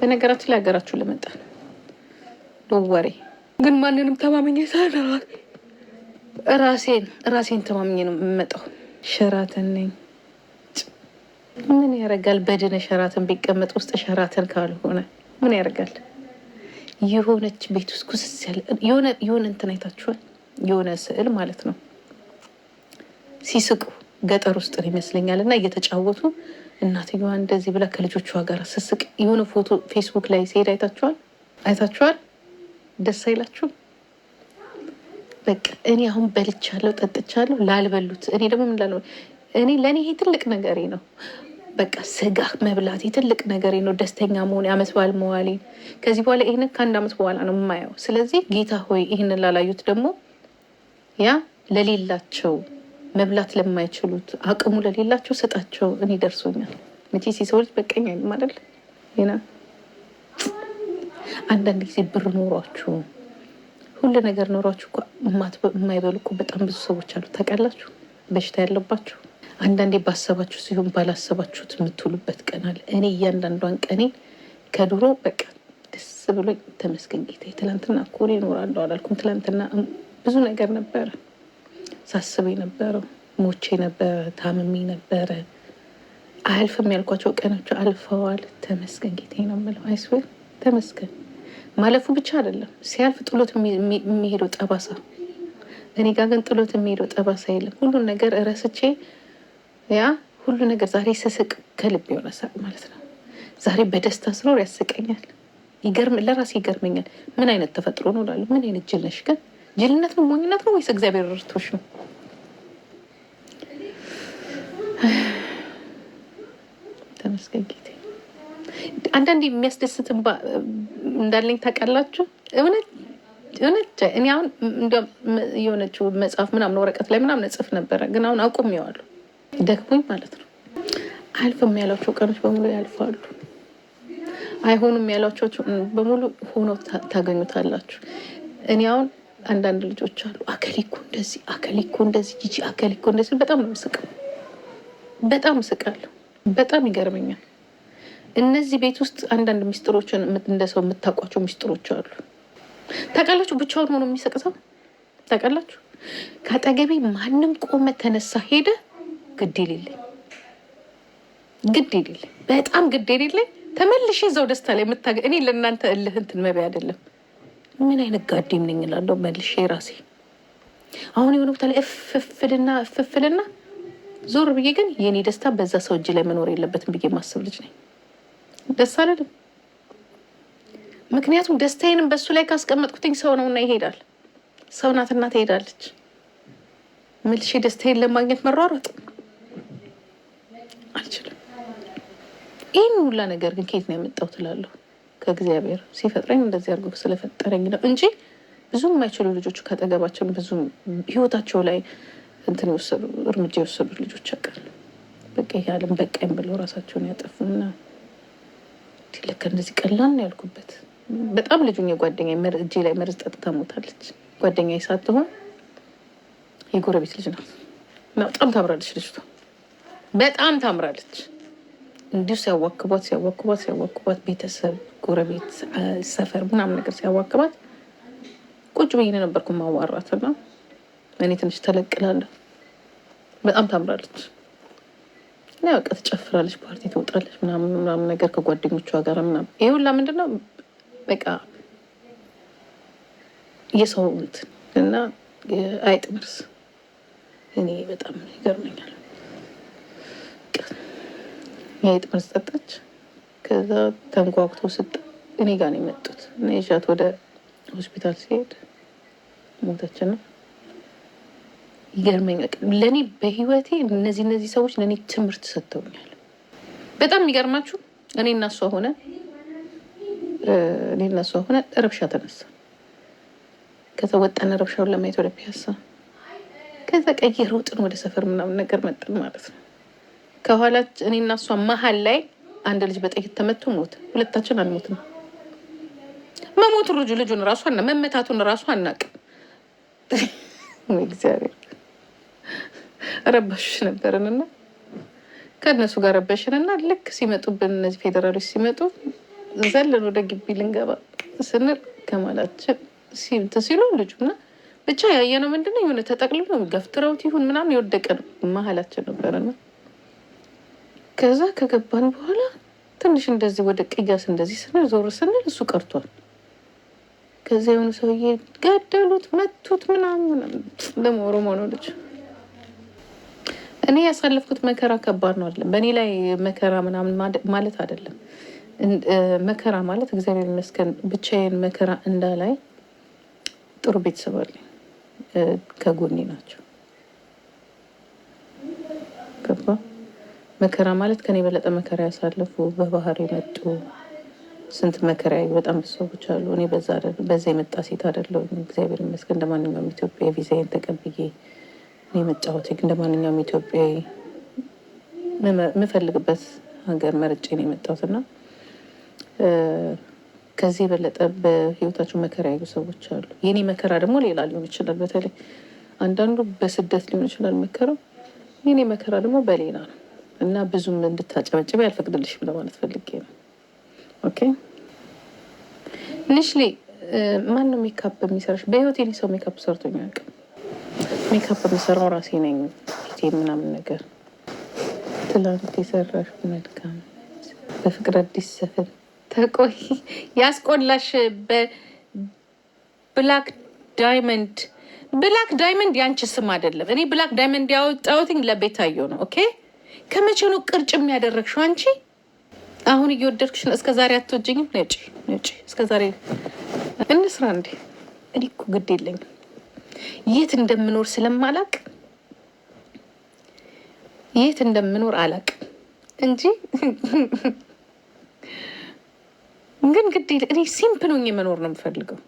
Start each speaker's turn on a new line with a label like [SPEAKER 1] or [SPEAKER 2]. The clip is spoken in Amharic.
[SPEAKER 1] በነገራችን ላይ ሀገራችሁ ለመጣን ነው ወሬ
[SPEAKER 2] ግን ማንንም ተማምኜ ሳይሆን
[SPEAKER 1] ራሴን ራሴን ተማምኜ ነው የምመጣው።
[SPEAKER 2] ሸራተን ነኝ።
[SPEAKER 1] ምን ያደርጋል በድነ ሸራተን ቢቀመጥ ውስጥ ሸራተን ካልሆነ ምን ያደርጋል? የሆነች ቤት ውስጥ ኩስስ ያለ የሆነ እንትን አይታችኋል? የሆነ ስዕል ማለት ነው ሲስቁ ገጠር ውስጥ ነው ይመስለኛል። እና እየተጫወቱ እናትየዋ እንደዚህ ብላ ከልጆቿ ጋር ስስቅ የሆነ ፎቶ ፌስቡክ ላይ ሲሄድ አይታችኋል? አይታችኋል? ደስ አይላችሁም? በቃ እኔ አሁን በልቻለሁ፣ ጠጥቻለሁ ላልበሉት እኔ ደግሞ ምን ላለ እኔ ለእኔ ይሄ ትልቅ ነገሬ ነው። በቃ ስጋ መብላት ትልቅ ነገሬ ነው። ደስተኛ መሆን አመት በዓል መዋሌን ከዚህ በኋላ ይህንን ከአንድ አመት በኋላ ነው የማየው። ስለዚህ ጌታ ሆይ ይህንን ላላዩት ደግሞ ያ ለሌላቸው መብላት ለማይችሉት አቅሙ ለሌላቸው ሰጣቸው። እኔ ደርሶኛል። መቼ የሰው ልጅ በቀኝ አይልም አይደል? አንዳንድ ጊዜ ብር ኖሯችሁ ሁሉ ነገር ኖሯችሁ የማይበሉ እኮ በጣም ብዙ ሰዎች አሉ። ታውቃላችሁ፣ በሽታ ያለባችሁ አንዳንዴ ባሰባችሁ ሲሆን ባላሰባችሁት የምትውሉበት ቀን አለ። እኔ እያንዳንዷን ቀኔ ከድሮ በቃ ደስ ብሎ ተመስገን ጌታ ትላንትና እኮ እኔ እኖራለሁ አላልኩም። ትላንትና ብዙ ነገር ነበረ ሳስብ የነበረው ሞቼ ነበረ፣ ታምሜ ነበረ። አያልፍም ያልኳቸው ቀኖች አልፈዋል። ተመስገን ጌቴ ነው የምለው። አይስዌር ተመስገን። ማለፉ ብቻ አይደለም ሲያልፍ ጥሎት የሚሄደው ጠባሳ፣ እኔ ጋር ግን ጥሎት የሚሄደው ጠባሳ የለም። ሁሉን ነገር እረስቼ ያ ሁሉ ነገር ዛሬ ስስቅ ከልብ የሆነ ሳቅ ማለት ነው። ዛሬ በደስታ ስኖር ያስቀኛል። ይገርም ለራሴ ይገርመኛል። ምን አይነት ተፈጥሮ ነው እላለሁ። ምን አይነት ጅል ነሽ ግን ጅልነት ነው ሞኝነት ነው ወይስ እግዚአብሔር ርቶሽ ነው? ተመስገን ጌቴ። የሚያስደስት እንዳለኝ ታውቃላችሁ። እውነት እውነት እኔ አሁን እንዲያውም የሆነችው መጽሐፍ ምናምን ወረቀት ላይ ምናምን እጽፍ ነበረ፣ ግን አሁን አቁሜዋለሁ። ደክሞኝ ማለት ነው። አልፍም ያሏቸው ቀኖች በሙሉ ያልፋሉ። አይሆኑም ያሏቸው በሙሉ ሆኖ ታገኙታላችሁ። እኔ አሁን አንዳንድ ልጆች አሉ አከሊኮ እንደዚህ አከሊኮ እንደዚህ ጂጂ አከሊኮ እንደዚህ በጣም ነው የምስቀው። በጣም ስቃለሁ። በጣም ይገርመኛል። እነዚህ ቤት ውስጥ አንዳንድ ሚስጥሮችን እንደ ሰው የምታውቋቸው ሚስጥሮች አሉ። ታውቃላችሁ፣ ብቻውን ሆኖ የሚስቅ ሰው ታውቃላችሁ። ከአጠገቤ ማንም ቆመ፣ ተነሳ፣ ሄደ ግድ የሌለኝ ግድ የሌለኝ በጣም ግድ የሌለኝ ተመልሽ ዘው ደስታ ላይ የምታገ እኔ ለእናንተ እልህ እንትን መብያ አይደለም ምን አይነት ጋዴም ነኝ እላለሁ መልሼ ራሴ። አሁን የሆነ ቦታ ላይ እፍፍልና እፍፍልና ዞር ብዬ ግን የኔ ደስታ በዛ ሰው እጅ ላይ መኖር የለበትም ብዬ ማስብ ልጅ ነኝ። ደስ አለልም። ምክንያቱም ደስታዬንም በሱ ላይ ካስቀመጥኩትኝ ሰው ነውና ይሄዳል። ሰው ናትና ትሄዳለች። መልሼ ደስታዬን ለማግኘት መሯሯጥ አልችልም። ይህን ሁላ ነገር ግን ከየት ነው ያመጣው ትላለሁ። ከእግዚአብሔር ሲፈጥረኝ እንደዚህ አድርጎ ስለፈጠረኝ ነው እንጂ ብዙ የማይችሉ ልጆች ከጠገባችን ብዙ ህይወታቸው ላይ እንትን የወሰዱ እርምጃ የወሰዱ ልጆች ያውቃል። በቃ ያለም በቃኝ ብለው ራሳቸውን ያጠፉና ልክ እንደዚህ ቀላል ነው ያልኩበት። በጣም ልጁን የጓደኛ እጄ ላይ መርዝ ጠጥታ ሞታለች። ጓደኛ ሳትሆን የጎረቤት ልጅ ናት። በጣም ታምራለች ልጅቷ፣ በጣም ታምራለች። እንዲሁ ሲያዋክቧት ሲያዋክቧት ሲያዋክቧት ቤተሰብ፣ ጎረቤት፣ ሰፈር ምናምን ነገር ሲያዋክቧት ቁጭ ብዬ ነበርኩ ማዋራት እና እኔ ትንሽ ተለቅላለሁ። በጣም ታምራለች። እና በቃ ትጨፍራለች፣ ፓርቲ ትወጣለች ምናምን ምናምን ነገር ከጓደኞቿ ጋር ምናምን። ይሄ ሁላ ምንድን ነው በቃ የሰው እንትን እና አይጥምርስ እኔ በጣም ይገርመኛል። የአይጥ መርዝ ጠጣች። ከዛ ተንጓጉቶ ስጥ እኔ ጋር ነው የመጡት እና ይዣት ወደ ሆስፒታል ሲሄድ ሞተች። ነው ይገርመኝ። ለእኔ በህይወቴ እነዚህ እነዚህ ሰዎች ለእኔ ትምህርት ሰጥተውኛል። በጣም የሚገርማችሁ እኔ እናሷ ሆነ እኔ እናሷ ሆነ ረብሻ ተነሳ። ከዛ ወጣን ረብሻውን ለማየት ወደ ፒያሳ። ከዛ ቀይ ሮጥን ወደ ሰፈር ምናምን ነገር መጠን ማለት ነው ከኋላች እኔ እና እሷ መሀል ላይ አንድ ልጅ በጥይት ተመቶ ሞት። ሁለታችን አንሞትም። መሞቱ ልጁ ልጁን ራሱ አና መመታቱን ራሱ አናቅ። እግዚአብሔር ረባሽ ነበርንና ከእነሱ ጋር ረበሽንና ልክ ሲመጡብን እነዚህ ፌዴራሎች ሲመጡ ዘለን ወደ ግቢ ልንገባ ስንል ከማላችን ሲሉ ልጁና ብቻ ያየነው ምንድነው የሆነ ተጠቅልሎ ገፍትረውት ይሁን ምናምን የወደቀ ነው መሀላችን ነበረና ከዛ ከገባን በኋላ ትንሽ እንደዚህ ወደ ቅያስ እንደዚህ ስንል ዞር ስንል እሱ ቀርቷል። ከዚ የሆኑ ሰውዬ ገደሉት፣ መቱት፣ ምናምን ደግሞ ኦሮሞ ነው ልጅ። እኔ ያሳለፍኩት መከራ ከባድ ነው አይደለም። በእኔ ላይ መከራ ምናምን ማለት አይደለም። መከራ ማለት እግዚአብሔር ይመስገን ብቻዬን መከራ እንዳላይ ጥሩ ቤተሰብ አለኝ፣ ከጎኔ ናቸው። መከራ ማለት ከኔ የበለጠ መከራ ያሳለፉ በባህር የመጡ ስንት መከራ በጣም ብዙ ሰዎች አሉ። እኔ በዛ የመጣ ሴት አይደለሁም። እግዚአብሔር ይመስገን እንደ ማንኛውም ኢትዮጵያ ቪዛዬን ተቀብዬ እኔ መጫወት እንደ ማንኛውም ኢትዮጵያ የምፈልግበት ሀገር መርጬ ነው የመጣሁት እና ከዚህ የበለጠ በህይወታቸው መከራ ያዩ ሰዎች አሉ። የኔ መከራ ደግሞ ሌላ ሊሆን ይችላል። በተለይ አንዳንዱ በስደት ሊሆን ይችላል መከራው፣ የኔ መከራ ደግሞ በሌላ ነው። እና ብዙም እንድታጨበጭበ ያልፈቅድልሽ ብለ ማለት ፈልጌ ነው። ኦኬ ማን ነው ሜካፕ የሚሰራሽ? በህይወት ሰው ሜካፕ ሰርቶኝ አያውቅም። ሜካፕ የሚሰራው ራሴ ነኝ። ፊቴ ምናምን ነገር ትላንት የሰራሽ መልካም በፍቅር አዲስ ሰፈር ተቆይ ያስቆላሽ በብላክ ዳይመንድ ብላክ ዳይመንድ ያንቺ ስም አይደለም። እኔ ብላክ ዳይመንድ ያወጣሁትኝ ለቤታየው ነው። ኦኬ ከመቼ ነው ቅርጭ የሚያደረግሽው አንቺ? አሁን እየወደድክሽ ነው። እስከ ዛሬ አትወጂኝም። ነጭ ነጭ እስከ ዛሬ እንስራ እንዴ? እኔ እኮ ግድ የለኝም የት እንደምኖር ስለማላቅ የት እንደምኖር አላቅ እንጂ ግን ግድ እኔ ሲምፕ ነኝ። መኖር ነው የምፈልገው።